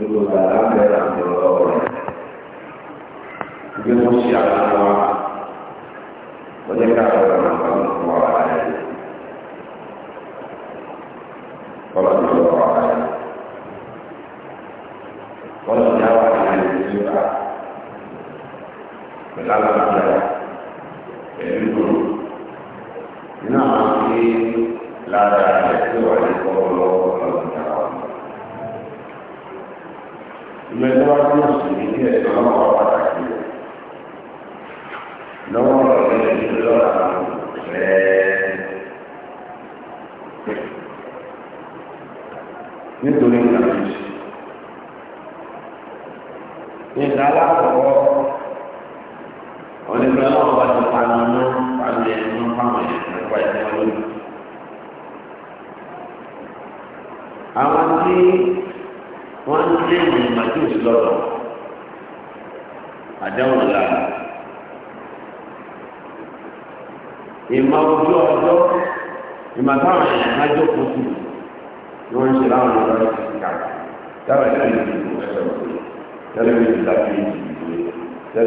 dulu dalam dalam dulu. Jemusia Allah, banyak orang.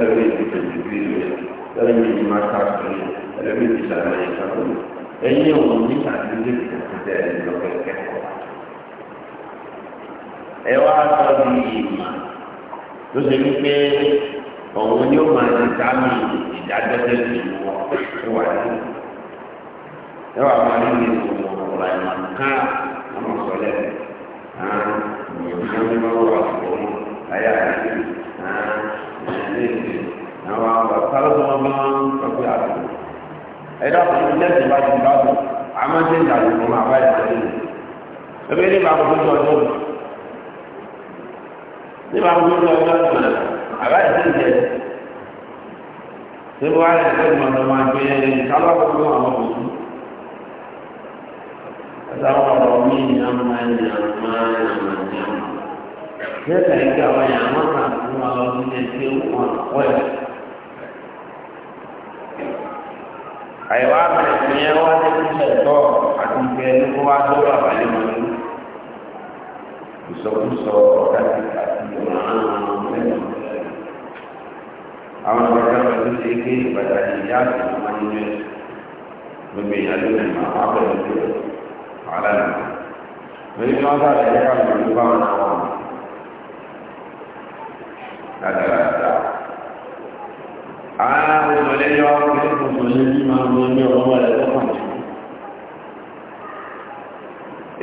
ẹlẹ́mìí ti tẹ̀sí bí rẹ̀ ẹlẹ́mìí ti máa ká sí ẹlẹ́mìí ti sàmà ìka fún mi ẹ̀yìn òun ní àdúgbò ìtẹ̀sí tẹ̀ ẹ̀ lọ́kọ̀ kẹ́kọ̀ọ́. ẹ wá sọ bí ìmọ̀ tó ṣe ní pé òun ni ó máa ti ká mi ìdájọ́ tẹ̀sí wọn ẹ wà ní ẹ wà máa ní ní ọ̀rọ̀ ìmọ̀ ká àwọn sọ̀lẹ̀ àwọn ìmọ̀ ìmọ̀ wà fún ayé ẹ̀dá fún ilé ẹ̀sìn bá ti bá bọ̀ àmọ́ ṣe ń dàgbò fún àbá ìpàdé rẹ̀ ẹgbẹ́ ní ìbámu tó lọ ọjọ́ ní ìbámu tó lọ ọjọ́ ìpàdé àbá ìsìn jẹ ṣé wàá rẹ̀ ṣe mọ̀ lọ́mọ àgbẹ̀ kálábọ̀ fún àwọn òṣù àtàwọn ọ̀rọ̀ mí ìyàmọ̀ ìyàmọ̀ ìyàmọ̀ ìyàmọ̀ ṣé kàìkà wọn yà wọn kà fún àwọn ọdún ẹgbẹ́ wọn kọ́ àyẹ̀wò àbẹ̀rẹ̀ fún yẹn wá ní ìṣẹ̀ tọ́ àti ìfẹ́ ẹni kó wá tó wà balẹ̀ mọ́ ní. ìsọkúsọ ọ̀gá ti àti ìrànlọ́wọ́ àwọn ọ̀gá ọ̀gá tó ṣe ké ìbàdàn ìyá àti ìmọ̀ nínú ẹ̀ gbogbo ìyàlú ẹ̀ máa wá pẹ̀lú ìjọ wàhálà nà. lórí tí wọ́n bá rẹ̀ yẹ́ká lò ní báwọn náà wà ní. dáadáa àwọn ọmọdé yọ mọ̀lẹ́ bí máa mọ́ ní ọlọ́wọ́ rẹ̀ lọ́pàá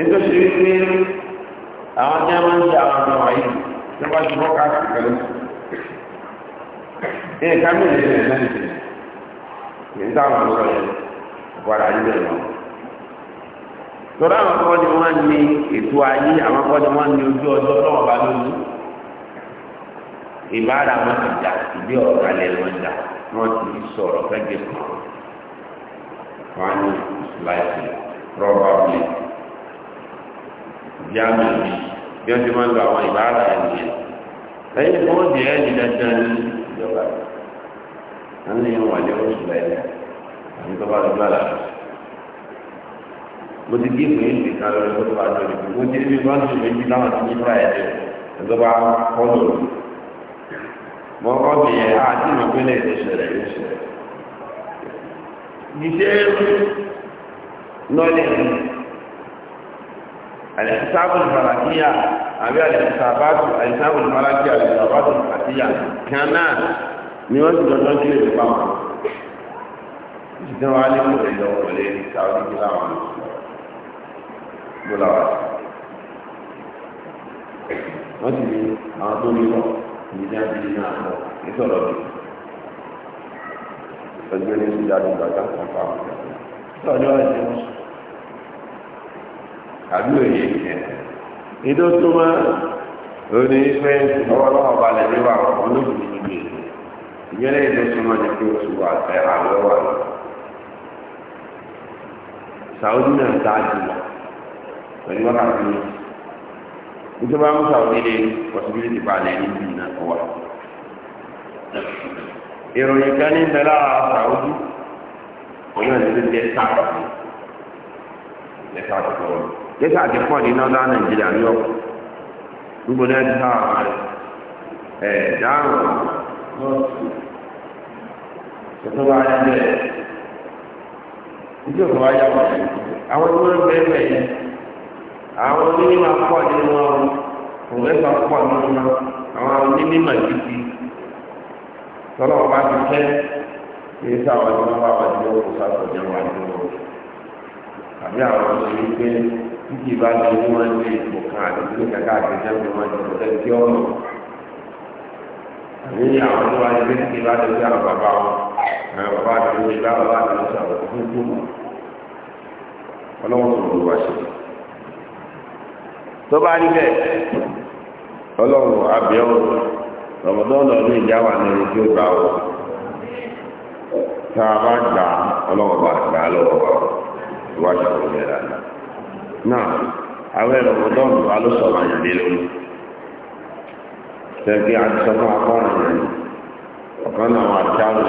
ètò ṣe rí pé àwọn tí a máa ń ṣe àwọn ọmọ wáyé tí wọ́n ti mọ́ká sí pẹ̀lú ní ẹ̀ka mẹ́rin rẹ̀ náà ṣe ní táwọn ọmọ rẹ̀ padà nílẹ̀ lọ. tọ́lá àwọn kọ́ ni wọ́n ní ètò ayé àwọn kọ́ ni wọ́n ní ojú ọjọ́ náà bá lóyún ìbára wọn ti dà ìdí ọ̀gá wọn dà wọ́n ti sọ̀rọ̀ kẹ́gẹ́ wọ́n ní láìsí rọ́bàbí jáàmù bí bí wọ́n ti máa ń lo àwọn ìbára ẹni yẹn lẹ́yìn tí wọ́n di ẹni dandan ní ìjọba wọ́n ní wà ní oṣù lẹ́yìn àti tó bá lọ bá lọ mo ti gé ìwé ìgbè kan lórí tó bá lọ rí mo ti rí bí wọ́n ti rí bí láwọn ti ní fúláì ẹ̀jẹ̀ ẹ̀jọ̀ bá kọ́ lórí bọ́kọ́ mi yẹ àti ìmọ̀gbélé ti ṣẹlẹ̀ yóò ṣẹlẹ̀. Gìṣẹ́ lọ́lẹ̀ ni àlẹ́sàbùn fàlàkíyà àbí àlẹ́sàbàtù àlẹ́sàbùn fàlàkíyà àlẹ́sàbàtù fàlàkíyà kan náà ni wọ́n ti dọ̀dọ̀ kí lè ìdíjà bí nínú àpò nítorọ̀ bí ẹgbẹ́ ní ìdíjà ní gbàgbà kan fà wọ́n. tọ́jọ́ ẹ̀jẹ̀ wọn sùn àbí òye ìjẹ́ ìdó tó máa lórí pé ọwọ́lọ́wọ́ balẹ̀ níwà olóògùn ní gbé ìgbẹ́lẹ̀ ìdó tó máa jẹ́ pé oṣù wà ẹ̀ àwọ̀ wà lọ. sàwọ́dí náà dájú lọ pẹ̀lú wákàtí ní ìjọba mú sàwọ́dí pọ̀sibílítì balẹ̀ níbi ẹ̀kọ́ wa ìròyìn kan ní ìbẹ̀rẹ̀ àṣàwọ́dú òun náà lè jẹ́ sáàrọ̀ ní ẹ̀ka àtọ̀tọ̀ wọn gẹ́gẹ́ àti pọ̀ ní northern Nigeria ní ọ̀pọ̀ gbogbo náà ti sáà wọn ẹ̀ dáhùn lọ́sùn tuntun bá ìjọba wa yá àwọn tí wọ́n bẹ́ẹ̀ àwọn onímọ̀ pọ̀ nínú wọn òun ẹ̀ka pọ̀ nínú wọn àwọn onímọ̀ gidi tọ́lọ́ ọba ti fẹ́ ní sáwọn tí wọ́n bá wà ní ọkọ̀ sàtọ̀jọ́ wà ní ọkọ̀ àbí àwọn ọmọ yìí pé títí bá ti mú wọn ní ipò kan àti tí kàkà àti jẹ́ mi wọn jẹ́ ọ̀sẹ̀ tí ọ̀nà àbí àwọn tó wà ní pé títí bá ti fi àwọn bàbá wọn àwọn bàbá àti oṣù bá bàbá àti oṣù àwọn fún fún wọn ọlọ́wọ́n tó lù wá ṣe tó bá rí bẹ́ẹ̀ ọlọ́run abẹ́ọ̀ rọ̀mọdọ́nà ọdún ìjáwà ní ẹni tí ó gbà ọ́ tá a bá gbà ọlọ́run bá gbà lọ́wọ́ wa ìwájú ọ̀rọ̀ yẹn náà àwọn akọ́rin rẹ̀ ọ̀kan náà wà dáhùn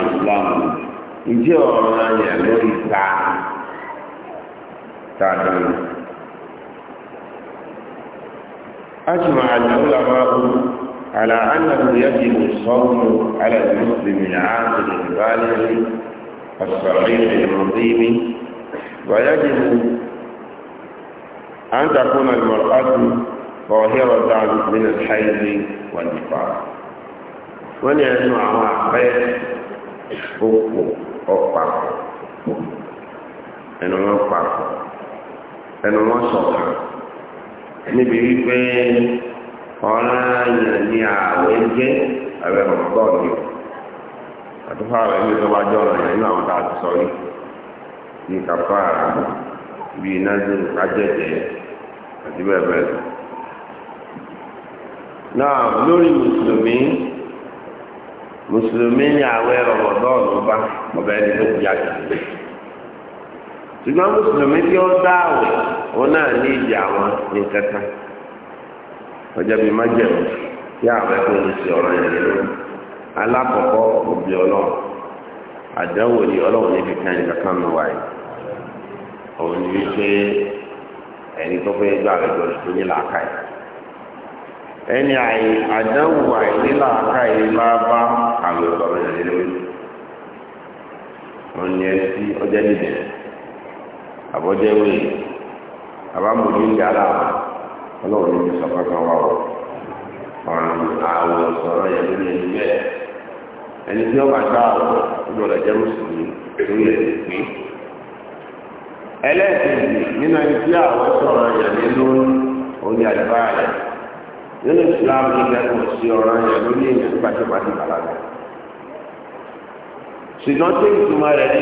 أجمع العلماء على أنه يجب الصوم على المسلم العاقل البالغ الصحيح المقيم ويجب أن تكون المرأة طاهرة من الحيض والنفاق ونجمع مع خير حقوق أقوى ẹnu wọn papọ̀ ẹnu wọn sọ̀kan níbi wípé ọ̀ràn yẹn ni ààwẹ̀ jẹ́ ààwẹ̀ ọ̀gbọ́n ni àtúfà rẹ̀ ní ìjọba jọ ọ̀ràn yẹn nínú àwọn tá ti sọ yìí ní kàfà bíi nájú kájẹ̀jẹ̀ àti bẹ́ẹ̀ bẹ́ẹ̀ lọ. náà lórí mùsùlùmí mùsùlùmí ni ààwẹ̀ ọ̀gbọ́n bá ọ̀bẹ ẹni tó kú yàtọ̀ ṣùgbọ́n mùsùlùmí tí òun náà ní ìdí àwọn nǹkan ọjọ́ bíi májẹ̀mú tí àwọn ẹ̀kọ́ ń ṣe ọ̀rọ̀ yẹn lórí alákọ̀ọ́kọ́ òbí ọlọ́run àdánwò ni ọlọ́run níbi kan ní kankan mi wáyé òun ẹni tó fẹ́ gbà rẹ̀ tó ní ẹni àyè àdánwò àìní bá bá àwọn yẹn àbámọ̀dé ń yàrá ọlọ́run ní sọ̀rọ̀ kan wà wọ̀ ọ̀ràn àwọ̀ sọ̀rọ̀ yẹn lórí ẹni bẹ́ẹ̀ ẹni tí wọ́n bá gbá àwọ̀ ọdún ọ̀dà jẹ́ mùsùlùmí lórí ẹni pé ẹlẹ́ẹ̀kejì nínú ẹni tí àwọ̀ sọ̀rọ̀ yẹn lórí òní àdìbá rẹ̀ nínú Islam ní kẹ́kọ̀ọ́ sí ọ̀ràn yẹn lórí ẹni tó bá ti bá ti bàlágà ṣùgbọ́n tí ìtumọ̀ rẹ̀ ní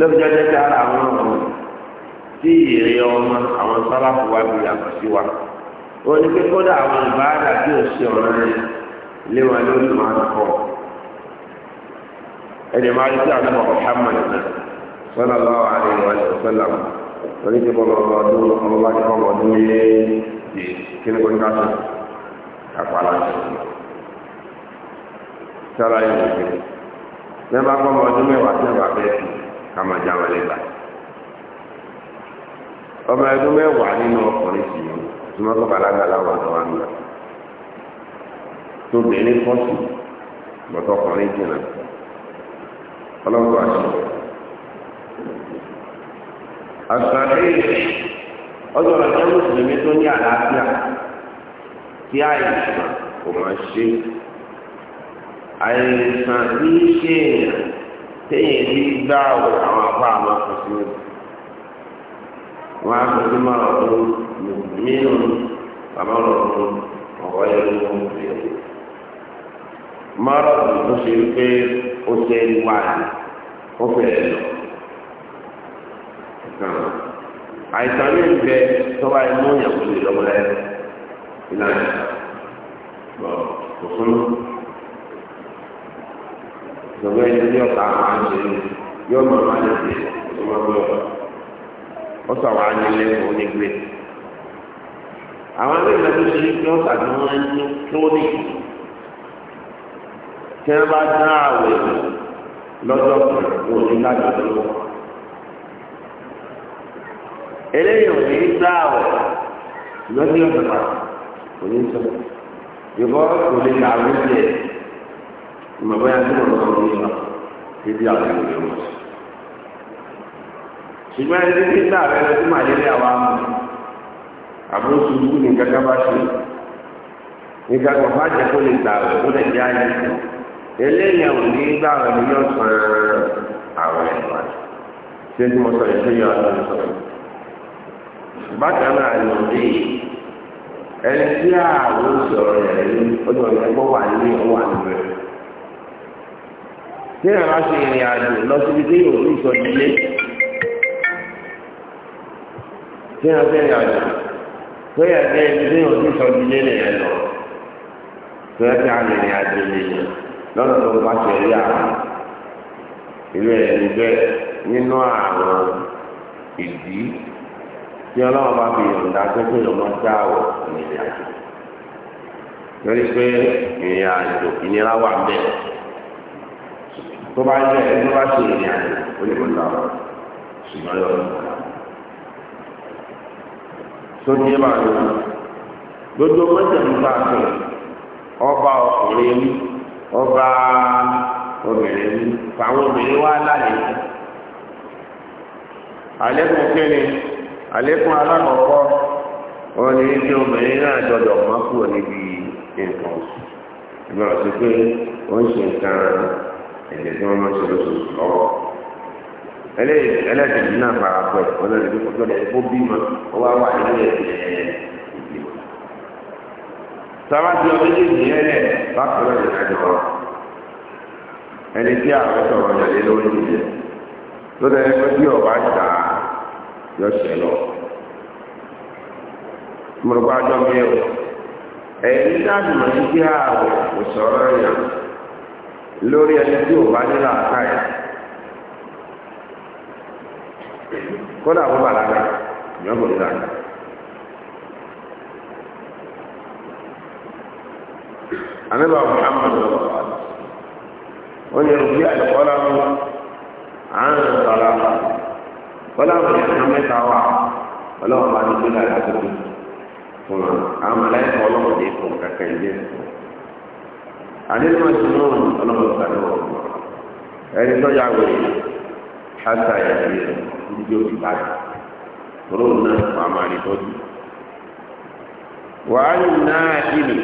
lọ́jọ́ jẹ́ kí ara àwọn ọ̀rọ̀ tí ìrìn ọmọ àwọn sábàbù wa bí yàtọ̀ sí wa ó ní pé kódà àwọn ìbáradà tí ò sí ọ̀rọ̀ rẹ̀ lé wọn lórí máa ń kọ́ ẹni máa rí sí àdúgbò Muhammad sọ́nà lọ́wọ́ àárín wọn sọ́nà lórí ti bọ́lọ̀ ọdún ọmọ bá ti kọ́ ọdún yé kí ni kò ní ká sọ àpàlà sára yìí nìkan ní ká máa já wọn lẹ́gbàá ọmọ ẹdún mẹ́wàá nínú ọkùnrin sì yìí ìtumọ̀ kọ́ balaga láwọn ọ̀dọ́ wa nù tó bẹ̀rẹ̀ pọ́sù bọ̀tọ̀ ọkùnrin jìnnà ọlọ́pàá àṣẹ àṣàlẹ̀ ọjọ́ ọ̀rọ̀ mùsùlùmí tó ní àlàáfíà tí àìsàn kò máa ṣe àìsàn ní ṣe èèyàn téèyàn ti gbá àwẹ̀ àwọn afá àmọ́ kò sí ní wọn á sọ sí máa tó nínú àmọ́rọ̀ tó ọ̀wọ́ ẹ̀rọ wọn fi ẹ̀rọ mọ́rọ̀ tó ṣe pé ó ṣe ń wá ní ó fẹ́ ẹ̀ lọ. àìsàn ní ìfẹ́ tọ́ba ẹ̀mú ìyàwó lè lọ́wọ́ ẹ̀ ìlànà bọ̀ kò fún un gbogbo ẹni tí ọ̀tá máa ń ṣe yóò máa máa lè ṣe ọmọbìnrin ọ̀tá ó sọ wá ní ilé ìwọ ní àwọn ẹgbẹ́ tó ṣe kí wọ́n tàbí wọ́n ní kílódì tí wọ́n bá dá àwẹ̀ lọ́jọ́ kan wò ní lájọ eléyìí ò ní dá àwẹ̀ lọ́jọ́ kan kò ní sọ ìbọn kò lè làwọn jẹ. mgbe bóyá ndị ọzọ lọ́wọ́ ndị ọzọ ibi àwọn ọzọ ọzọ ndị ọzọ ẹni tí ń dà rẹ lọ sí màlẹ́lẹ́ àwa mọ̀ àbúrò ṣubú ní gẹ́gẹ́ bá ṣe ní bá kó lè gbà kó lè ní gbà ní sàn àwọn ẹ̀fọ́ ṣé mo sọ yọ bákan náà dé ẹni tí àwọn sọ̀rọ̀ ní tí bá ṣe ìrìn àjò lọ síbi tí yóò fi sọ nílé tí èèyàn ṣe ìrìn àjò tó yẹ kí ẹni tí yóò fi sọ nílé nìyẹn lọ tó yẹ kí arìnrìn àjò nìyẹn lọ́nà tó bá ṣe rí àwọn ìlú ẹ̀rí bẹ́ẹ̀ nínú àwọn ìdí tí ọlọ́run bá fi yọ̀ǹda tó pé lọ́mọ dáwọ̀ ìrìn àjò torí pé ìrìn àjò ìnira wà bẹ́ẹ̀. tó bá jẹ́ ẹni bá ṣe ìrìn àjò ó lè mọ̀ lọ́wọ́ ṣùgbọ́n yóò lọ. tó ní ẹ máa ọba ọkùnrin mi ọba obìnrin mi fàwọn obìnrin obìnrin náà kúrò níbi nǹkan ìgbà pé ó ń ṣe nǹkan ẹ̀jẹ̀ tí wọ́n máa ń ṣe lóṣooṣù lọ́wọ́ ẹlẹ́ẹ̀dẹ̀dẹ̀ náà fara pẹ́ ọlọ́dẹ̀dẹ̀ kọjọ́ dẹ̀ kó bímọ ó wá wà nínú ẹ̀jẹ̀ ìgbìmọ̀. sábàtì ọdún yìí ní ẹlẹ́ bákan náà ìrìnàjò kan ẹni tí àwọn sọ̀rọ̀ yàrá lórí ìjẹ́ tó dẹ̀ ẹgbẹ́ bí ọba ta yọ̀ṣẹ̀ lọ. mọ̀lùkọ́ àjọ mi ẹ̀ ẹ̀yìn dáàbò mọ̀ ní kí ààrẹ kò lórí ẹni tí ò bá ní làákà yìí kódà bó bá làákà yìí ọkọ ní làákà. anábà muhammad wọ́n yẹ kí àlùkọ́lá mú àárín ìtọ́lá kọ́lá mú yẹ kí mẹ́ta wà ọlọ́run bá ní gbé láyé àtúntò fún wa àwọn mọ̀lẹ́kọ̀ ọlọ́run ní fún kankan yẹn fún wa. àdéhùn ọ̀sùnmọ́ ọlọ́mọdé àdéhùn ẹni tó yà wò ṣáṣà ìyàwó rẹ̀ níbi ó ti bàjẹ́ tòró náà wà á máa rí tọ́jú. wàá yìí náà kí ni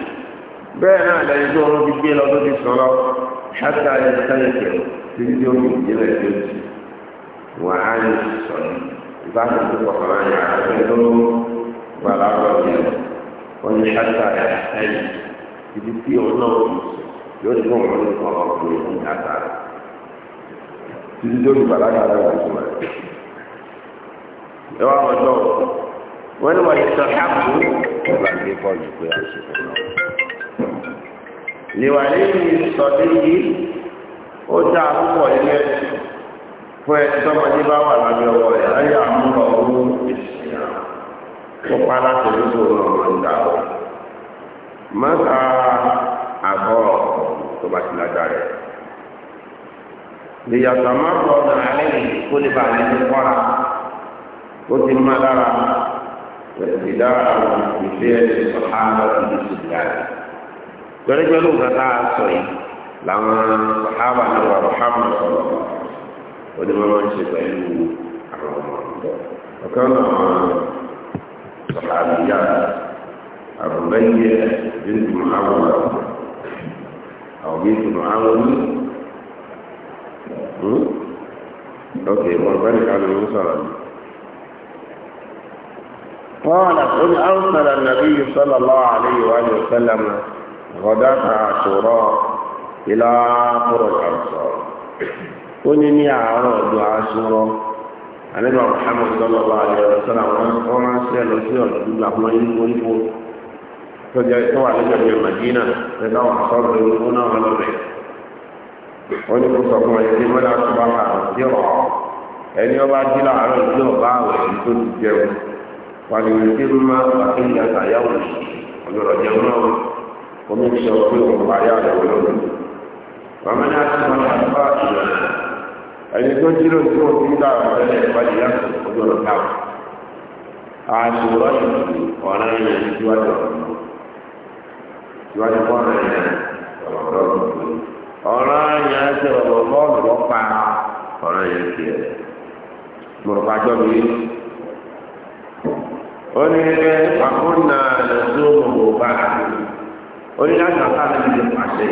bẹ́ẹ̀ náà lẹ́yìn tó wọ́n ti gbé lọ tó ti sọ̀rọ̀ ṣáṣà ìyàwó sẹ́yìn yóò ní wọn ní ọ̀rọ̀ ọ̀gbìn ní àtàrà títí tó fi bàlágà náà wà sùn rẹ̀. ẹ wá wọn lọ wọn ní wọn lè sọ káàmù ẹ bá gbé bọ́ọ̀lù pé a ṣe fún wọn. lèwà lẹ́yìn sọdí yìí ó dá púpọ̀ ilé fún ẹni tọ́mọdé bá wà lábẹ́ ọwọ́ rẹ̀ láyé àmúlò ọ̀hún ìsìn láti lóṣù ọ̀rọ̀ ọ̀rọ̀ ìdáwọ̀. mọ́ta àbọ̀ tó bá ti lágbára ẹ̀. ìyàtọ̀ máa ń bọ̀ ọ̀nà alẹ́ yìí kó lè bá àlẹ́ ní kọ́ra ó ti má lára ìdá àwọn ìfẹ́ ọ̀hánà ìlú ìgbà rẹ̀. lórí pẹ̀lú nǹkan tá a sọ yìí làwọn sàhábà náà wà lọ́hàmù sọ̀rọ̀ ó ní wọ́n ṣe pẹ̀lú àwọn ọmọ ọ̀dọ́. ọ̀kan náà sọ̀rọ̀ àbíyá àbúrẹ́yẹ bíi màá wọ̀ جيت معاوني اوكي مربانك على المصر قال قل أرسل النبي صلى الله عليه وآله وسلم غداة عاشوراء إلى قرى الأنصار قل إني أعرض عاشوراء النبي محمد صلى الله عليه وسلم وأنا أسأل وسيرة الله يقول tó jẹ́ tó wà lọ́jọ́ bíi Madina ẹ̀dá wà sọ́dọ̀ ìlú náà wọn lọ́rẹ̀ ó ní kó sọ fún ẹ pé mọ́lá tó bá kà sí ọ̀ ẹni ọba jí láàárọ̀ ìlú ọba àwẹ̀ èyí tó ti jẹun wà ní ìrètí mímá àti ìyàtà yàwó ọ̀dọ̀rọ̀ jẹun náà omi ti sọ pé òun bá yà lọ́wọ́ lọ́wọ́ màmá ní àti mọ́lá tó bá ìlànà ẹni tó jí lóòótọ́ òun ti dá àwọn ẹlẹ́ ìpàdé yàtọ̀ ọ̀dọ̀rọ̀ náà àṣùwọ̀n ọ̀rẹ́ yẹn ti wájú ọ̀rọ̀ ìwádìí bọ́ọ̀lù yẹn rọ̀mọ̀dọ́nù lórí ọ̀rọ̀ yẹn ti rọ̀mọ̀dọ́nù wọ́n pa ọ̀rọ̀ yẹn ti ẹ̀ mọ̀rọ̀pá jọ́ mi ó ní ẹ pàkúnà lẹ́sọ́ mọ̀ bá ó ní láti ọ̀tá lẹ́nu ti pàṣẹ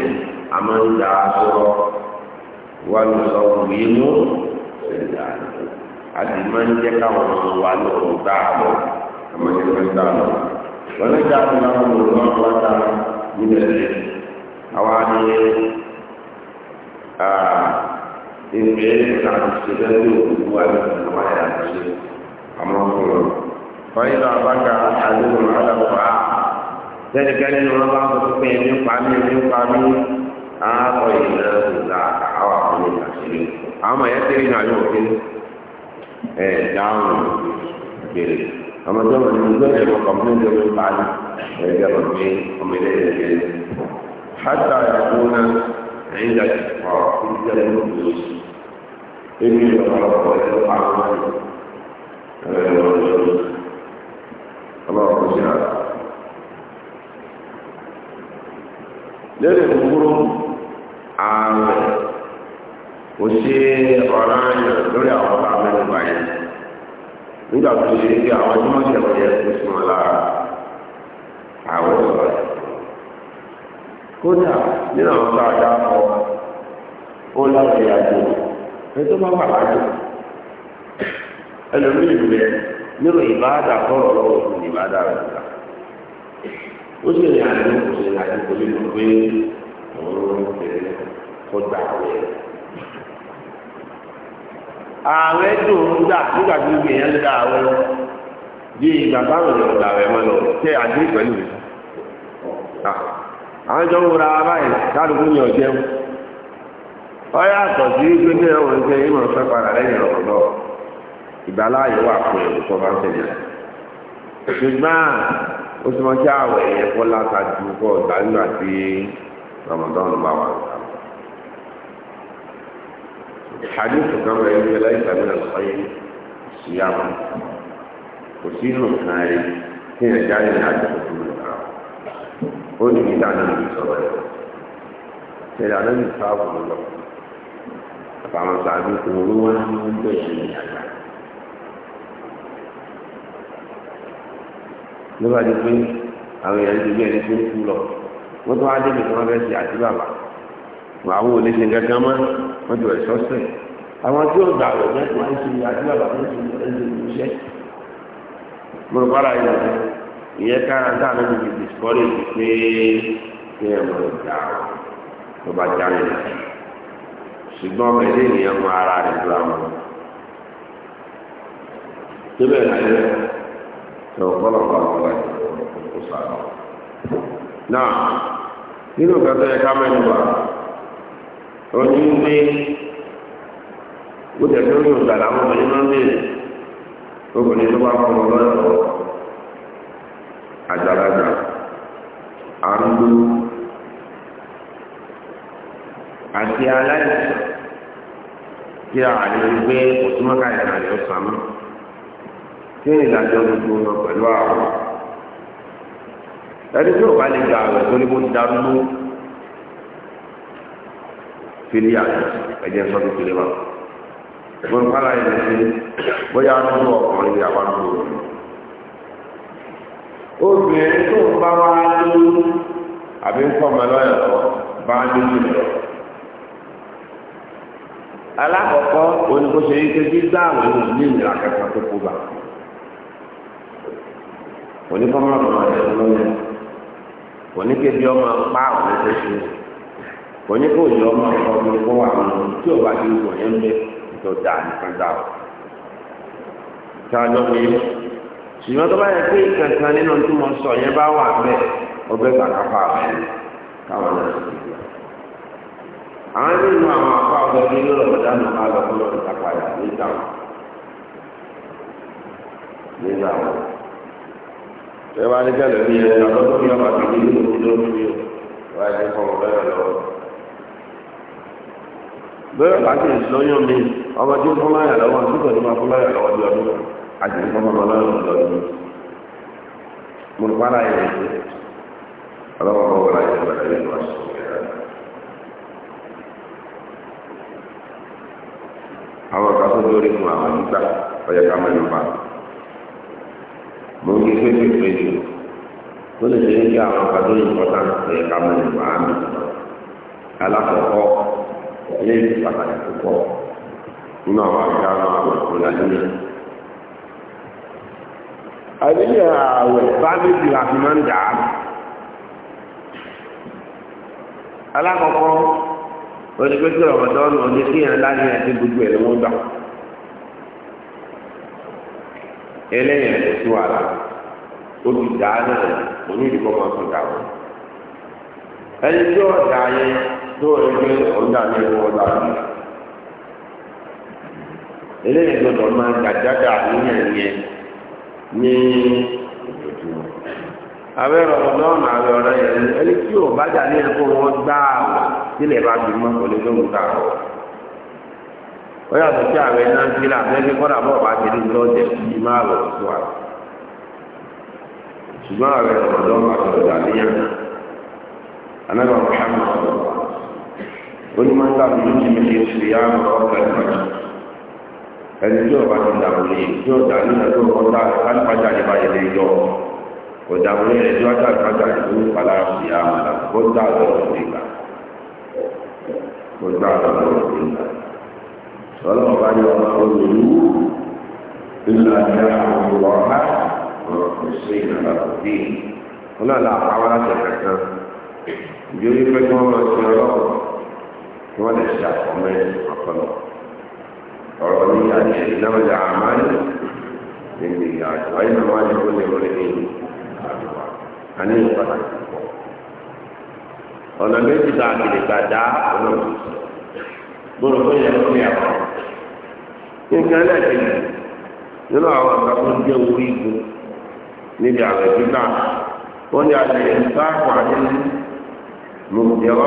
àmọ́ ìjà sọ̀rọ̀ wà ló sọ fún yín mú ìjà àti máa ń jẹ́ káwọn ọmọ wa lọ́wọ́ dáàbò àmọ́ ìjọba dáàbò wọn lè dáàbò láwọn olùkọ́ wa dáàbò níbẹ̀rẹ̀ àwa ní ìgbẹ́ láti ṣe lẹ́yìn òkú wa ní àwọn ẹ̀yà ṣe àwọn ọkùnrin. wọ́n yí lọ abáka àdéhùn aláwọ̀ á tẹ́nikẹ́ni ni wọ́n bá ń sọ pé ẹni pa mí ẹni pa mí àárọ̀ أما جمع الزوجة وقبلين يوم بعد يجرب به ومن إليه حتى يكون عند الإفراط إلا المجلس إني يتعرف ويتبع عنه الله تعالى lórí ìgbòho ààrẹ kò ṣe ọ̀ràn lórí àwọn ọba mẹ́rin nígbà tó ṣe pé àwọn tí wọ́n ṣẹ̀wọ̀n yẹ kó sí wọn lára àwọn sọ̀rọ̀ yẹn. kódà nínú àwọn tó àdá kọ ó láwọn ìyá tó ẹni tó bá wà lájò ẹlòmíì rẹ nínú ìbáàdà tọrọ lọ́wọ́ fún ìbáàdà rẹ nígbà ó sì rìn àjò kò sì rìn nínú pé òun ń pè kó gbà wẹ̀ ààrẹ tó ń gbà nígbà tí gbogbo èèyàn ń da ààrẹ bí ìgbà táwọn èèyàn gbà rẹ lọ àdé àwọn wura báyìí kálukú ni ọ yàtọ̀ sí pé ní ẹ̀wọ̀n ń jẹ́ ìmọ̀ padà lẹ́yìn ọ̀rọ̀ lọ ìgbàláyè wà fún ẹ̀rù tó bá ń tẹ̀lé ṣùgbọ́n ó ti mọ kí àwọ̀ Ramadan hadith kan bẹ yẹn lẹ́yìn ìsàmì náà sọ yẹn síyá mọ́ kò sí inú nǹkan ayé kí ẹ̀ já ní àjọ tó lọ kà ó ní ìdá náà ní sọ̀rọ̀ yẹn tẹ̀lé àná ní sáàbù lọ àtàwọn sáàbù tó ń wọ́n ń bẹ̀rẹ̀ ní àgbà. ló bá di pé àwọn èèyàn ti gbé ẹni tó ń kú lọ wọ́n tó wá débi tí wọ́n fẹ́ ṣe àti bàbá àwọn oníṣe kankan mọ́ wọ́n ti wẹ̀ sọ́sẹ̀ àwọn tí ó gbà wọ̀ mẹ́tò wọ́n ti ṣe àti bàbá wọn ti ṣe ẹ̀ṣẹ̀ ìṣẹ́ mo bára yẹn lọ ìyẹn kára dáa lóbi fi dìskọ́lé ti pé kí ẹ mọ̀ ìjà tó bá já yẹn ṣùgbọ́n ọmọ ẹ̀dẹ́ ènìyàn mọ ara rẹ̀ lọ àwọn tó bẹ̀rẹ̀ láyé tó kọ́lọ̀ bá wọn láyé tó sàrọ̀ náà nínú kẹtọ́ yẹ ká mẹ́nu bá ojú pé ó tẹ̀sí orí ògbà làwọn ọmọdé máa ń bèèrè obìnrin tó bá fọmọ lọ́sọ̀ọ́ àgbàlagbà arúgbó àti aláìsàn tí a lè gbé òtúmọ́ká ìrìnàlẹ̀ ọ̀sán mọ́ tí ìlàjọ gbogbo wọn pẹ̀lú àwọn ẹni tí ò bá lè gbà àwẹ̀ tó ní kó ti lóhùn fili yà ẹ̀jẹ̀ sọ fún fili wa gbọ́n kpala yẹn ti bóyá ń lu ọkùnrin yà wà lu obìnrin tó ń bá wa lóyún àbí ń kọ́mọ lọ́yọ̀ lọ bá lóyún lọ alákọ̀ọ́kọ́ oníkóso yìí ké gbígbá àwọn ohun ní ìlera kẹta tó kú bá oníkọ́mọ lọ́yọ̀ lọ́yọ̀ oníkébi ọmọ pa àwọn ẹgbẹ́ sí i kò ní kó yọ ọmọ ọkọ mi kó wà wọn tí ò bá ti ń wọ̀ yẹn bẹ tó dà nìkan dà o. sáájọ́ pé ṣùgbọ́n tó bá yẹ pé kankan nínú tí mo sọ yẹn bá wà bẹ́ẹ̀ ọgbẹ́ kàkàfà rẹ̀ káwọn náà sì ti àwọn nínú àwọn afọ àwọn ọdún ní ọlọ́pàá náà máa lọ fún ọdún kápáyà nígbà wọn nígbà wọn. ṣé wàá ní kẹlẹ ní ẹ ọlọ́pàá tó ní ìlú tó ní bẹ́ẹ̀ bá ti lọ́yàn mi ọmọ tí ó fún láyà lọ́wọ́ tí kò ní máa fún láyà lọ́wọ́ bí ọdún àti ní fún ọmọ lọ́yàn lọ́dún mi. mo ní pàrọ̀ ayé rẹ̀ ọlọ́wọ́ bọ́ wọlé ayé rẹ̀ lẹ́yìn wá sí ìgbéra. àwọn kan tó lórí fún àwọn nígbà ọjà ká mẹ́nu bá mo ń gbé pépè pé ó lè ṣe é kí àwọn kan tó yìnbọn tán ọjà ká mẹ́nu bá mi alákọ̀ọ́kọ́ eléyìí pàtàkì púpọ̀ nínú àwọn àgbáwọn àwọn ìpínlẹ̀ àdúgbò. àdúgbò ààwẹ̀ bá méjì láti máa ń dà á. alákọ̀ọ́kọ́ onígbésí ọ̀mọ̀dọ́nù oníkéèyàn láyé àti gbogbo ẹ̀ ló ń gbà. eléyìí kò sí wàhálà ó ti dà á náà onídìbò máa tún dà wọ́n. ẹni tí ó dà yẹn. tó rẹ̀ ọjà ní ewu ọ̀la rẹ̀. eléyìí gbọdọ̀ máa ní abẹ́rẹ́ ọ̀rẹ́ yẹn ẹni tí bá jà ní ẹ̀kọ́ wọn gbá àwọ̀ bá fi mọ́ lóhùn ó yàtọ̀ sí àwẹ̀ náà ń kíra àbẹ́bí kọ́dà bọ̀ bá ti rí lọ́jẹ̀ bíi máa lọ sí wa. ṣùgbọ́n àwẹ̀ ọ̀dọ́ọ̀nà àwẹ̀ ọ̀dọ́ Anabi wa onímọ̀ ńlá mi ló ti mi ṣe ṣe yá ọ̀rọ̀ ọ̀gá ìpàdé ẹni tí ọba ti dàbòlè tí ọ̀dà nínú ẹgbẹ́ ọ̀dà alùpàjà ní bá yẹlẹ yọ ọ̀dàbòlè rẹ̀ tí ọ̀dà alùpàjà ní ló ń palá sí yá ọ̀dà bọ́dà lọ́rọ̀ nígbà bọ́dà lọ́rọ̀ nígbà ọlọ́run bá yọ ọmọ olùlú ìlú àjà ọ̀rọ̀ ọ̀há ọ̀rọ̀ kò sí ìlànà òbí ọlọ́run làwọn àwọn aláṣẹ kẹ̀kẹ́ ìjọ tí wọ́n lè ṣe àkọ́mọ́ ọpọlọ ọ̀rọ̀ ní àjẹ́ ìnáwọ̀lẹ̀ àmàlì níbi ìyàjọ́ ayé náà wáyé kó lè rọrẹ́ ní àdúrà a ní ìpàdé púpọ̀ ọ̀nà méjì tá a ti lè gbàdá ọ̀nà méjì gbọ́dọ̀ tó yẹ kó ní àpọ̀ nǹkan ẹlẹ́ẹ̀kejì nínú àwọn àgbà tó jẹ́ orí igun níbi àwọn ìgbà wọ́n ní àjẹ́ ìsáàkù àdéhùn mọ̀jẹ̀wá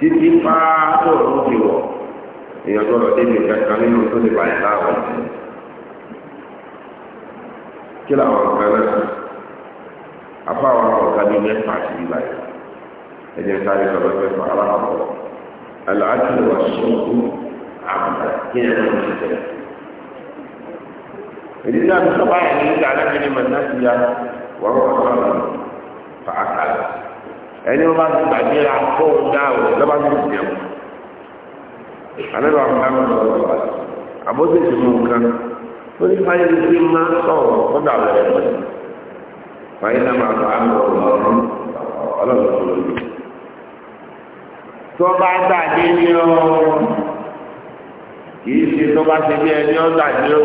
títí fáá tó ọ̀run ti wọ̀ èèyàn tó lọ débi kankan nínú tó lè bàyẹ̀ láàbọ̀ kí làwọn kan náà apá àwọn ọ̀gá bíi mẹ́fà sí ibà yìí ẹ̀jẹ̀ sáré sọ pé mẹ́fà aláàbọ̀ aláàjù wà sọ́ọ̀kú àbùdá kí ẹ̀ lọ́wọ́ ti tẹ̀lé. èdè náà tó sọ báyìí nígbà alábìnrin mọ̀ náà ti ya wọ́n wọ́n sọ̀rọ̀ fàákàlà ẹni wọn bá ti gbàgbéra kó o dá o lọ́ba ti jẹun alẹ́ bá wọn bá wọn lọ àbójútó mú nǹkan ó ní fáyé ní kí n máa sọ̀rọ̀ ó dà bẹ̀rẹ̀ pẹ̀lú fáyé náà máa sọ àmì ọ̀rọ̀ ọ̀rọ̀ ọlọ́run tó lóye tó bá dàdé ní ọ kìí ṣe tó ṣe bí ẹni ọ̀dàdé o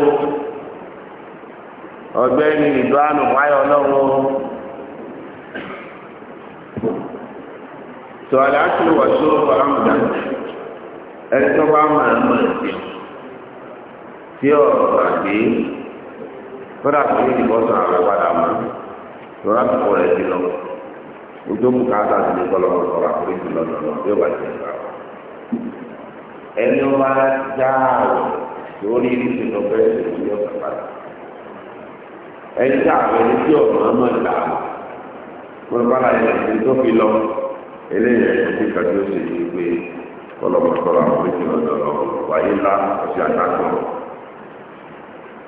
ọ̀gbẹ́ni ìdúrà nù wáyọ̀ ọlọ́run tó aláṣẹ wà tó faramdà ẹni tó bá máa mọ̀ sí tí ó gbàgbé kódà tó ní ìbọn sàn àwọn padà mọ́ tó rà tó rẹ̀ sí lọ gbogbo mú káàtà sí ní kọlọ́mọ sọ̀rọ̀ àkórí sí lọ́dọ̀ lọ bí ó bá ti gbà wọ́n. ẹni ó bá já àwọ̀ lórí ìrísí lọ bẹ́ẹ̀ sì ní ọ̀sán padà ẹni tí àwọn ẹni tí ọ̀nà ọmọ ìlà wọn bá láyé ẹni tó fi lọ eléyìí ẹ̀yẹ tí kájú ṣe yí pé kọlọmọtọrọ àwọn méjì lọ́dọ̀ wáyé ńlá ọ̀sẹ̀ àtàkùn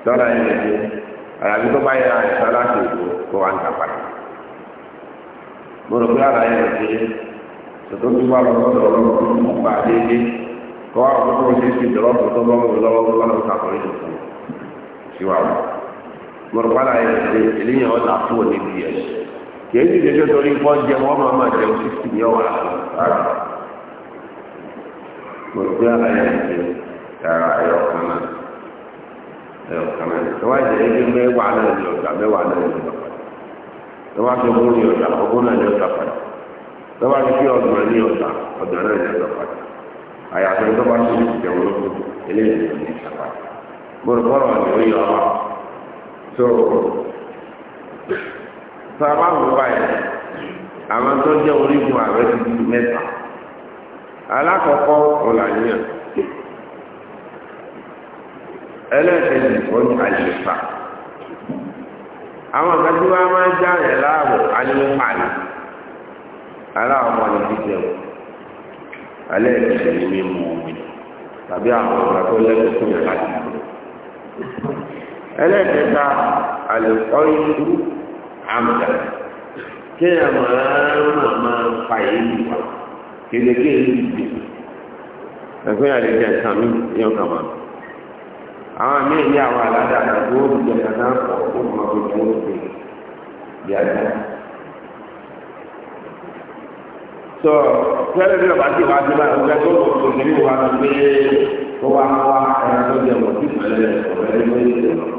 sọ́dà yìí lè àyàfi tó bá yẹ àìsàn láti èkó kó wá ń ta padà mo rò pé àlàyé rẹ̀ ṣe tòtò tó bá lọ sọ́dọ̀ ọlọ́run tó mọ̀ gbà déédé kó wá òkú tó ṣe sí ìdọ́rọ́pù tó bá wọn lọ́wọ́ tó bá lọ sàkórí ìdòkú síwáwọ̀ mo rò pé àlàyé rẹ̀ ṣe eléyìí ọ̀dà fún òní bí ẹ̀ṣẹ̀ kìí sì dédé torí pọ́ jẹ wọ́n máa máa jẹun sísì ní ọ̀wà rárá mo gbé àlàyé ìṣe rárá ẹ̀yọ̀ kan náà ẹ̀yọ̀ kan náà tó wá jẹ́ ẹgbẹ́ mẹ́wàá náà ní ọjà mẹ́wàá náà ní ọjà tó wá fi ogún ní ọjà ogún náà ní ọjà padà tó wá fi ọgbọ̀n ní ọjà ọjà náà ní ọjà padà àyàfẹ́ tó bá ṣe ìjẹun lókun sábà wò báyìí àwọn tó jẹ́ orígun ààrẹ ti di mẹ́ta alákọ̀ọ́kọ́ ọ̀làníyàn ẹlẹ́ẹ̀kejì ìfọ́jú àyẹ̀fà àwọn kan tí máa ń já yẹn láàbọ̀ anímọ̀pàlì aláwọ̀ ọmọ ní jíjẹun alẹ́ omi tàbí àwọn tó fún yàrá ìlú àmàdà kéèyàn máa máa fa èyí wà kéde kéèyàn dìde ẹgbẹ́ àlè jẹ́ nǹkan mi yóò kà máa àwọn míì ní àwọn aládà àti owó ìjọ kàtà ń pọ̀ ó máa fi kí wọ́n pè bí ajá. sọ fẹ́rẹ́ bí ọba tí wàá ti máa ń tó kọ̀ tó kiri wà lọ pé kó wá wá ẹran tó jẹ mọ̀ sí ìpínlẹ̀ ọ̀rẹ́ ló ń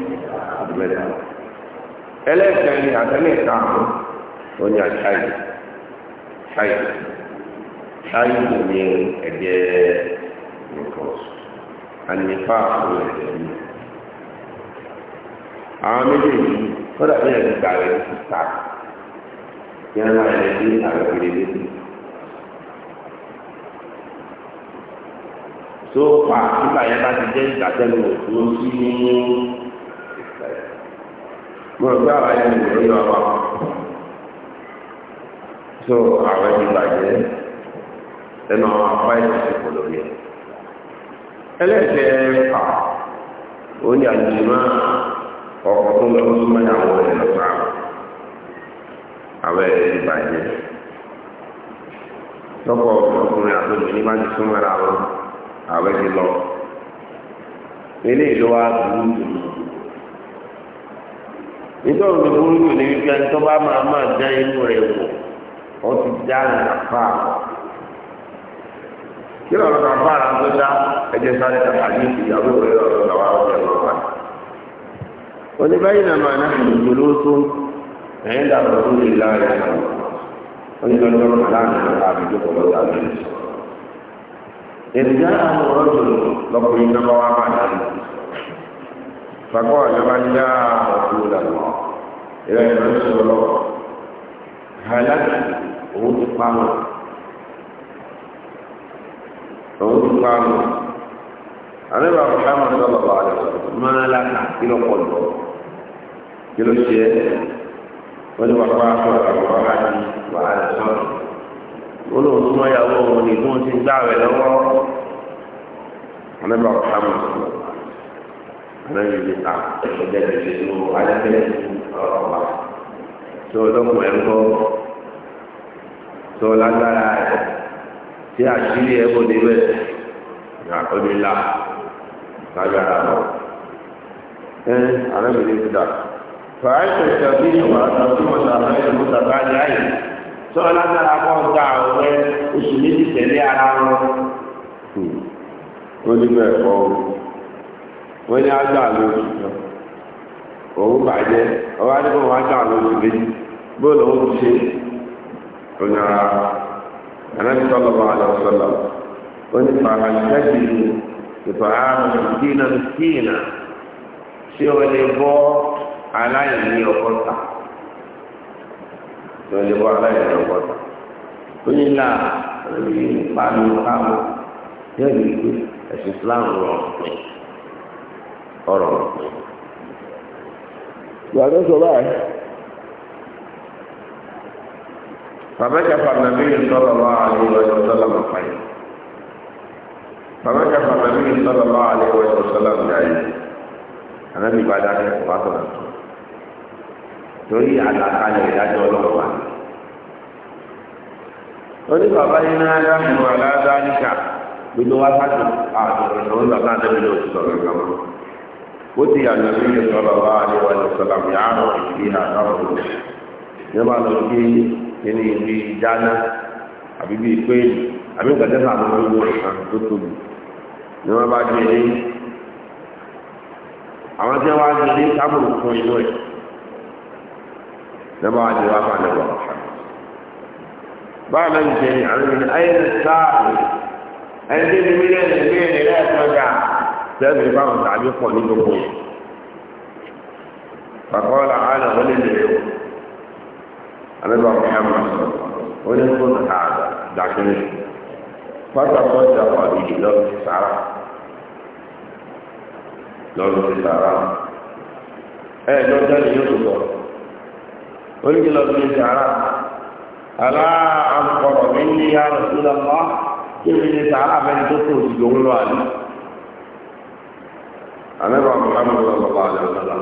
àdúgbẹ́lẹ̀ àwọn ẹlẹ́ẹ̀kẹrin àtẹ́lẹ̀ ìkààrùn ó ní àṣáyì ṣáyì ṣáyì kò ní ẹ̀jẹ̀ nìkan ànífà àwọn ẹ̀jẹ̀ yìí àwọn méjèèjì ó dàbí ẹ̀jẹ̀ gbà rẹ̀ ti ta yẹn máa ẹ̀jẹ̀ bí àwọn ìrèlè tó fà nígbà yẹn bá ti jẹ́ ìgbà tẹ́lẹ̀ òkú sí ní gbọ́dọ̀ gbé àwọn ẹni ìwé yọ àwọn so àwọn ẹni bàjẹ́ ẹnu àwọn apá ìsìnkú kò lórí ẹ ẹlẹ́sẹ̀ ẹ̀fà ó ní àjùmọ́ ọkọ̀ tó lọ sí mọ́ni àwọn ẹni lọ́sọ̀ àwọn àwọn ẹni bàjẹ́ lọ́pọ̀ ọkùnrin àti obìnrin máa ń súnmọ́ra wọn àwọn ẹni lọ ilé ìlú wa dùn dùn ìjọ òní burú yìí ní wípé ẹni tó bá máa máa já inú rẹ̀ wò ó ti já àlàfà kí lọ́rọ̀ náà bá tó dá ẹ̀jẹ̀ sáré kàkà ní ìyàwó náà ẹ̀yìn dàbọ̀ tó lè la rẹ̀ náà àwọn ọ̀rọ̀ lọ́kùnrin náà wà فقال من يا رسول الله إلى رسول الله هلكت غصبا غصبا أنا بقى محمد صلى الله عليه وسلم ما لك إلى قلبه إلى الشيء ولوقعت وقعت وعلى صدري olóòtú mọ ìyàwó òun ni tí wọn ti gbà rẹ lọ́wọ́ ọlẹbàá ọhámà sọlọ lẹ́yìn ilé ta ẹ̀jẹ̀ tẹ̀lé tó alẹ́kẹ́lẹ́ ọ̀rọ̀ wa tó lọ́kùn ẹ̀ ń kọ́ tó lágbára ẹ̀ tí àṣírí ẹ̀ bó débẹ̀ ọdúnlá lágbára ọ̀ ẹ̀ arábìnrin ti dà fàáìsì ìṣẹ̀bí ìwà àtàkùn ọ̀sà àbẹ̀yẹ̀ mọ́tà bá ní àyè tó lágbára kọ́ gba ọ̀rẹ́ oṣù méjì tẹ̀lé ara wọn. Hmm. ó ní bẹ́ẹ̀ kọ́ ọ́ wọ́n ní ágbà lóṣù kan òun bàjẹ́ ọwọ́ adé fún wọn ágbà lóṣù méjì bóòlù òun ti ṣe ọ̀nàrà anábì sọ́lọ́bà àlọ́sọ́lọ́ ó ní fàràǹtẹ́sì ìfọ̀ ààrùn kìkìnà kìkìnà ṣé o lè bọ́ aláìní ọgọ́ta ṣé o lè bọ́ aláìní ọgọ́ta ó ní là ó ní pàmò pàmò yẹ́nì ẹ̀sìn Islam rọ̀ ọ̀pẹ̀ ọ̀rọ̀ ọ̀pẹ. Gbàdọ́ sọ báyìí. Bàbájà fàmì àbí mi sọ̀rọ̀ lọ́wọ́ àlẹ́ ìwé ẹ̀yọ́ sọ́lá mọ̀ fàyè. Bàbájà fàmì àbí mi sọ̀rọ̀ lọ́wọ́ àlẹ́ ìwé ẹ̀yọ́ sọ́lá mọ̀ fàyè. Ànábì bá dákẹ́ wá sọ̀rọ̀ tó. Torí àlàkalẹ̀ ìdájọ́ ọlọ́pàá. Oní bàbá yín náà dáhùn àlá dáníkà. Gbogbo wa sáàtì àtọ̀rọ̀ ìṣòro bàbá àdébìlẹ̀ òṣìṣọ́ rẹ̀ kàwọn. وتي النبي صلى الله عليه وسلم يعرف فيها نظر nígbà lọ sí kíní ibi dáná àbí bíi pé àbí nǹkan tẹ́sà ló ń wọ ìkan tó tóbi ni wọ́n bá gbé ní e àwọn tí wọ́n á gbé ní sábòrò fún inú ẹ̀ nígbà wọ́n á gbé wá fún e àlẹ́wọ̀ e báwo sẹ́ẹ̀mì fáwọn tàbí pọ̀ ní gbogbo yẹn bàkọ́lá àánà wọ́n lè lè wọ́n anábà Muhammad wọ́n lè kó nàá dàkínì pátákọ́ ìjàpá ìdí lọ́dún ti sára lọ́dún ti sára ẹ̀ lọ́jọ́ ni yóò sọ wọ́n lè lọ́dún ti sára alá àkọ̀rọ̀ mi ní yàrá sílẹ̀ mọ́ kí ni sára bẹ́ẹ̀ tó tó ìdòwúlọ́ àná àmẹ́rọ Muhammad sallallahu alaihi wasallam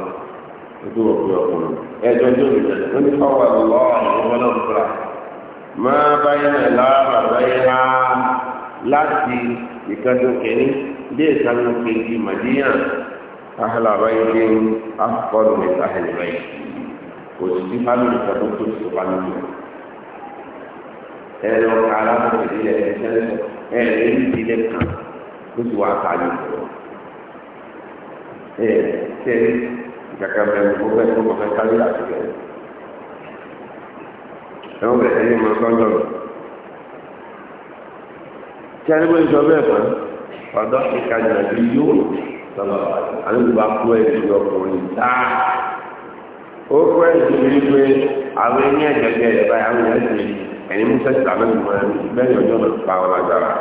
ojú òkú ọkùnrin ẹjọ́ tí ó lè jẹ́ wọ́n ti fọwọ́ lọ́wọ́ ọ̀rọ̀ náà fúra máa báyìí náà lára báyìí náà láti ìkàdùn kẹ́ni dé ìkàdùn kejì màdíyà ahla baitin afqaru min ahli bait kò sí fámìlì kan tó tó tó fámìlì ẹ lọ kàrà mọ́ ìdílé ẹ̀ ẹ̀ ẹ̀ ìdílé kan tó ti wá fámìlì kan ẹ ṣe kàkà bẹ̀rẹ̀ kó bẹ́ẹ̀ tó kọ̀ọ̀kan kárí láti bẹ̀rẹ̀ ẹ̀wọ̀n bẹ̀rẹ̀ ẹ̀yìn mọ́ kọ́ńdọ̀ tí a ní bóyá ìjọba ẹ̀fọn ọ̀dọ́ ìkàjọ̀ àti yóò sọ̀rọ̀ àlejò kú ẹ̀jẹ̀ ọkùnrin dáa ó kú ẹ̀jẹ̀ mi pé àwọn ẹni ẹ̀jẹ̀ ẹ̀jẹ̀ báyìí àwọn ẹ̀jẹ̀ ẹ̀yìn mú sẹ́sì àlejò mọ́ bẹ́ẹ̀ ọjọ́ náà pa wọn lágbára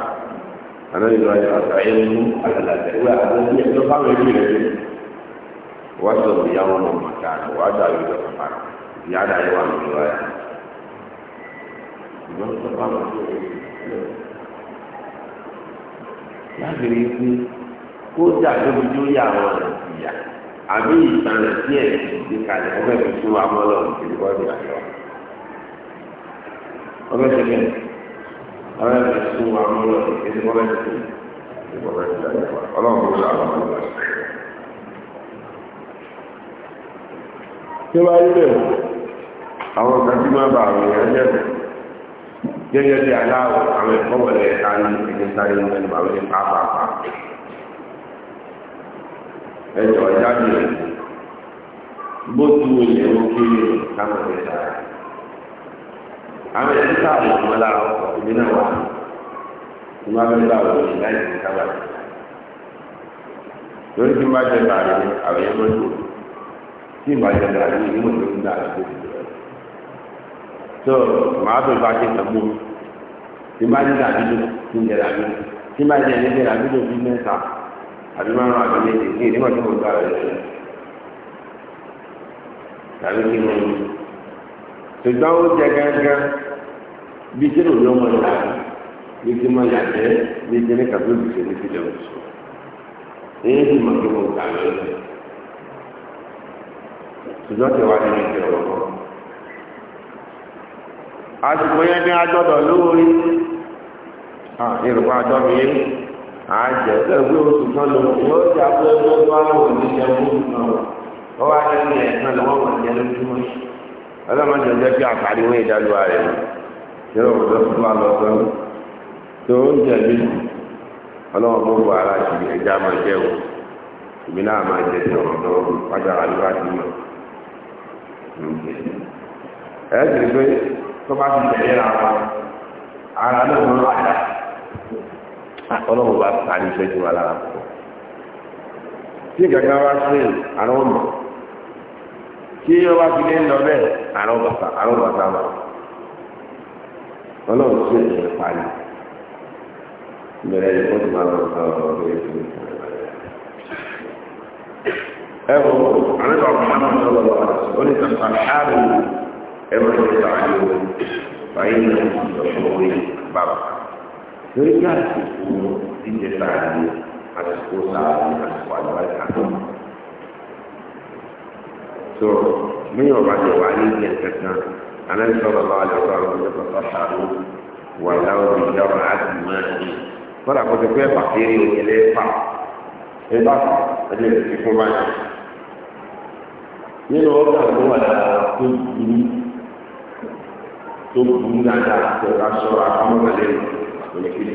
àlejò ayọ̀ àtàyẹ̀ mú àtàlàtẹ̀ wíwá àti ẹ̀jẹ̀ báwọn ẹbí rẹ̀ wasu ya wani makara wata yi da kamar ya da yawa mai waya don ta fama lábìrì pé kó dàbí tó yà wọn rẹ ìyà àbí ìtàn rẹ díẹ̀ ti kalẹ̀ ọbẹ fi fún wa mọ lọrùn kí wọn bí àjọ ọbẹ fi bẹ ọbẹ fi fún wa mọ lọrùn kí wọn bí àjọ ọlọ́run ló ń lọ àwọn ọmọ ìgbà. tó bá rí bẹ́ẹ̀ àwọn kan tí máa bá àwọn èèyàn jẹ́ gẹ́gẹ́ bí aláwọ̀ àwọn ẹ̀kọ́ wọlé ẹ̀ka ní ẹ̀jẹ̀ sáré ní ẹnu àwọn ẹ̀ka pàápàá ẹ̀jọ̀ jáde rẹ̀ bó tu olè ó kéré káwọn ẹ̀jẹ̀ sáré àwọn ẹ̀jẹ̀ sáré ọmọ lára ọkọ̀ ìbí náà wà ní wọn bẹ́ẹ̀ bá àwọn èèyàn láì sí kábàtì lórí tí wọn bá jẹ bàrẹ̀ àwọn ẹ̀jẹ̀ mọ́tò tí ìbàjẹ́ dà ní ìmọ̀ tó ń dà sí. tó màá tó bá ṣe tẹ̀gbọ́n tí bá ní dàbí ló ti ń jẹ dàbí tí bá jẹ ní jẹ dàbí ló fi mẹ́ta àbí máa ń rán àbí méjì ní ìdímọ̀ tó ń gbà rẹ̀ ṣe. tàbí kí ni ṣùgbọ́n ó jẹ gángan bí tí lòdì ọmọ ìlà bí tí mo yà jẹ́ bí tí ní kàbí òbí ṣe ní fídíò ṣe. èyí ti mọ̀ tó ń gbà rẹ̀ ṣe. ṣùgbọ́n tí wà ní ìjẹ ọ̀rọ̀ àsìkò yẹn ní ajọ́dọ̀ lórí ìrùkọ́ àjọ mi yé àjẹ́ ẹgbẹ́ oṣù kan yóò ti àpò ẹgbẹ́ tó wà lọ́wọ́ ní ìjẹ ẹ̀ ẹ́ tẹ̀lé pé tó bá ti tẹ̀lé ra wọn ara náà mọ́ àdá ọlọ́run bá ta ní ìfẹ́ jù wá lára pọ̀ tí gàgà wá sí àrùn ọmọ tí wọ́n bá fi lé lọ bẹ́ẹ̀ àrùn bàtà àrùn bàtà wà ọlọ́run sí ẹ̀jẹ̀ parí bẹ̀rẹ̀ ìfọ́tò máa lọ sọ ọ̀rọ̀ ìfẹ́ ẹwọ àlejò àkùnrin náà sọ̀rọ̀ lọ ó ní sàkà ṣáàbù ẹwọ ní sàájú báyìí ní ìdọ̀kùnrin bàbá lórí bí àsìkò ìjẹ sàájú àsìkò sàájú àsìkò àlùbáríkà so mí ò bá jẹ wà ní ìjẹ kankan àlejò sọ̀rọ̀ lọ àlejò àkùnrin náà sọ̀rọ̀ ṣáàbù wà láwùjọ ìjọba àti máa ń yí kọ́dà kó ti òkèlè fà ẹ bá ẹ̀jẹ̀ ti fún báyìí nínú ọgbà tó wà lára tó burú tó burú dáadáa tó aṣọ akọmọlẹ òyìnbí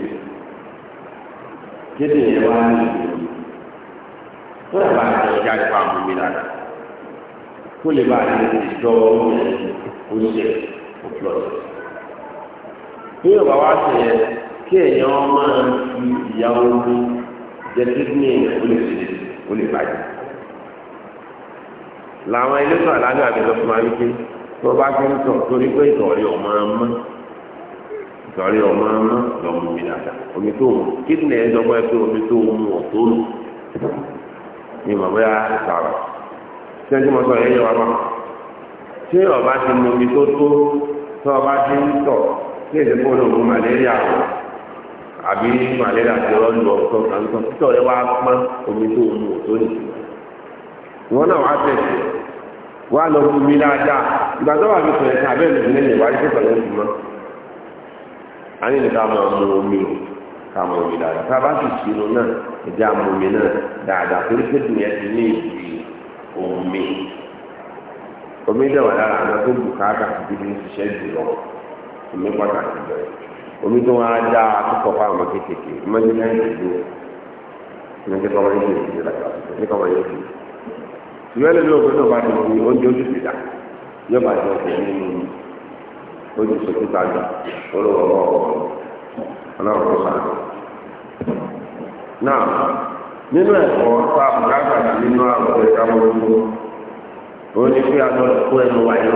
kéde yẹn wá ní ìlú tó lè bá àti ọjà ìfọ àwọn omi dáadáa kó lè bá àti ìjọ omi kó ṣe òfin ọ̀sẹ̀. bí ọba wá sí yẹn kí èèyàn máa fi ìyá omi jẹ kí ní ìyẹn ó lè ṣe ó lè bàjẹ́ làwọn elétò àlàáfíà mi lọ fún wa wípé tó bá ti ń tọ̀ torí pé ìtọ̀rí ọmọ ọmọ ìtọ̀rí ọmọ ọmọ lọ́mú mi dáadáa omi tó mu kíndìnrín ẹ̀ lọ́gbọ́n ẹ pé omi tó mu ọ̀tó lù ní mọ̀ bóyá sàrọ̀ sẹ́ńtì mọ́ sọ yẹn yẹ wa mọ́ tí ọba ti mu omi tó tó tó ọba ti ń tọ̀ tí èdè kó ló malaria wọ̀ àbí malaria ti rọ́ lu ọ̀tọ̀ kan tó títọ̀ ẹ wá pọ́n omi tó mu ọ̀tó nìyí. wọn náà wàá tẹ̀ wọn lọ bu mi dáadáa ìgbà tó wà fi sọ̀rọ̀ ẹ̀ka abẹ́ ìlú nílẹ̀ wàá sọ̀rọ̀ ẹ̀sìn mọ́. a ní ìdíkà omi o ká mú omi dáadáa tá a bá sì ṣinú náà ẹ̀jẹ̀ àmú omi náà dáadáa torí pé dùn ti ní ìdí omi omi dẹ̀ wà lára tó ṣiṣẹ́ jù lọ omi pàtàkì omi tó wá dá akókò fáwọn ń ṣe ìrẹ́lẹ̀ náà gbọ́dọ̀ bá ti fi oúnjẹ oṣù ti dà yóò máa jẹ ọ̀sẹ̀ nínú oṣù sọ̀tún tàbí olówó ọ̀rọ̀ ọlọ́run tó sàn. náà nínú ẹ̀kọ́ tá a bùkà gbàgbà nínú àwọn ọ̀rẹ́ káwọn ojú ó ní pé àwọn ọ̀kọ́ ẹnu wà yó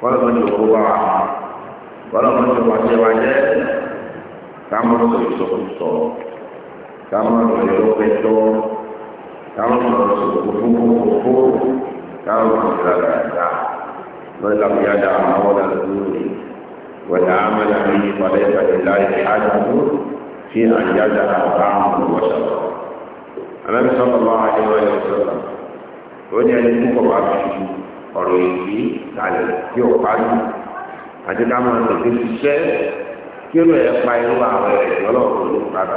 wọ́n lọ́mọ ní òkú bá wa wọ́n lọ́mọ ní òkú àti ẹwà jẹ́ káwọn sọ ìsọkúsọ káwọn ọ̀rẹ́ ọ̀fẹ́ tọ́ káwọn máa lọ sọ fún fún káwọn máa lọ dáadáa lọ́yìn làwọn yá dáa máa wọ́n dáa lọ́wọ́ rẹ̀ wọ́n dáa máa dáa ní ìpàdé ìpàdé láì ṣáájú àbúrò fi àyà dáa bá àwọn wọ́ṣọ̀. Àlẹ́ sọ́kọ̀ ṣiṣẹ́ kí ó lọ ẹ̀ irú àwọn ẹ̀rẹ̀ ìjọ́lọ̀ òun ní ìpàdé.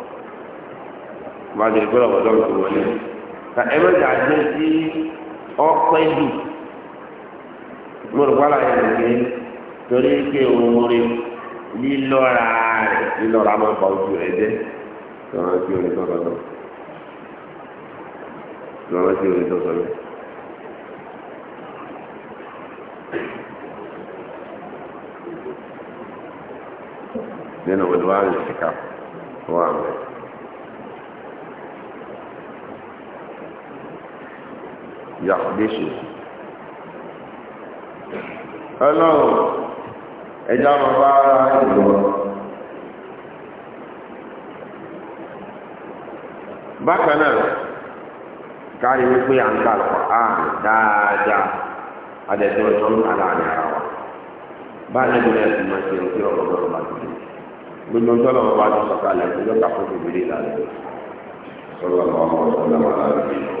bá jẹ pé ọ̀dọ́ tó wọlé ka ẹ mẹ́ta jẹ́ sí ọpẹ́ jù mo rò wálá yẹn lè torí pé oore lílọ́ra rẹ̀ lílọ́ra máa ba ojú rẹ̀ jẹ́ lọ́wọ́ sí orin tó sọ̀rọ̀ lọ́wọ́ sí orin tó sọ̀rọ̀. nínú wọn wá ń ṣèkà wọn àmì. yàkùdéṣù ọlọ́run ẹjá bàbá ìlú bákan náà káyọ̀ wípé à ń kà lọ́pọ̀ ààrùn dáadáa adẹ̀tọ́ ọjọ́ ń kà láàrin ara wa bá níbi náà ti máa ṣe ohun tí ọkọ̀ ọ̀rọ̀ bá ti dé gbogbo ọjọ́ lọ́wọ́ bá ti sọ̀kalẹ̀ ọjọ́ kàkó bèbèrè lálẹ́ sọ́lọ́ ọmọ ọ̀sán náà wà ìlú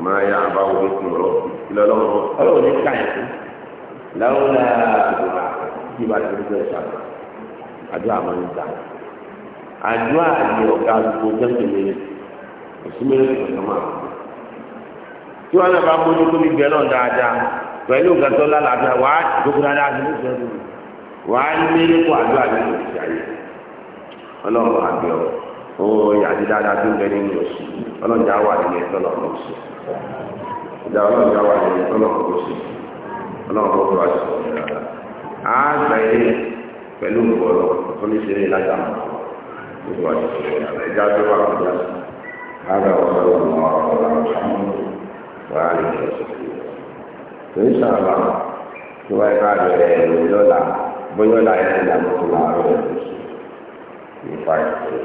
máa yá àbá ogun fún ọ ilé ọlọ́run náà ọlọ́run ní káyìn fún láwọn náà àdúrà kí bá ti dúró ẹ̀ṣà àdúrà máa ń gbà àdúrà ni ọ̀gá gbogbo jẹ́sìmẹ́rẹ́ òsìmẹ́rẹ́ ìgbà máa tí wọn náà bá mójú tó ní bẹ́ẹ̀ náà dáadáa pẹ̀lú gàtọ́ lálàáfíà wà á dókòó dáadáa sí ìṣẹ́ tó wà á ní mílí kó àdúrà ní òṣìṣẹ́ ayé ọlọ́run àgbẹ̀ ó yàtí dáadáa tó ń bẹ nínú òṣìṣẹ́ ọlọ́jà wà nínú ẹ̀tọ́ náà lọ sí ìjà ọlọ́jà wà nínú ẹ̀tọ́ náà lọ sí ọlọ́run tó wá sí ọ̀rẹ́ rárá á gbẹ̀yìn pẹ̀lú ìbọ̀lọ̀ tó ní ṣeré lájà mọ́ tó wá sí ọ̀rẹ́ rárá ẹ̀já tó wà kọjá sí هذا وصلى الله على محمد وآله وصحبه إن شاء الله tó bá yẹra rẹ lọ́la bóyá ọ̀la yẹn lọ́la mọ́tò láàárọ̀ ẹ̀ lọ́sùn ní fáìlì rẹ̀.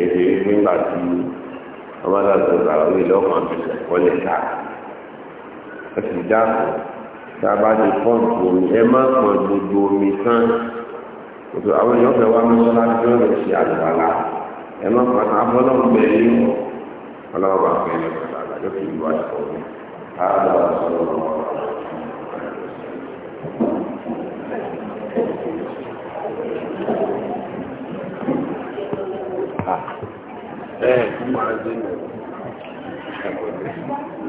èdè nígbà tí ọmọ aláàbò àwọn ilé ọkàn àbẹ̀sẹ̀ kọ́lẹ̀ ká ẹ sì dáàbò tá a bá ti pọ́ǹpù omi ẹ má pọ̀ gbogbo omi tán òtò àwọn èèyàn fẹ́ wá mọ́ṣáláṣí tí wọ́n lè ṣe àlùbálà ẹ má pọ̀ tán afọ́lọ́mù bẹ́ẹ̀ ní ọlọ́wọ́ bá fẹ́ ní ọ̀sán àgbà yóò fi ìlú àṣọ omi káàdà ọ̀sán lọ́wọ́ Thank you. É, como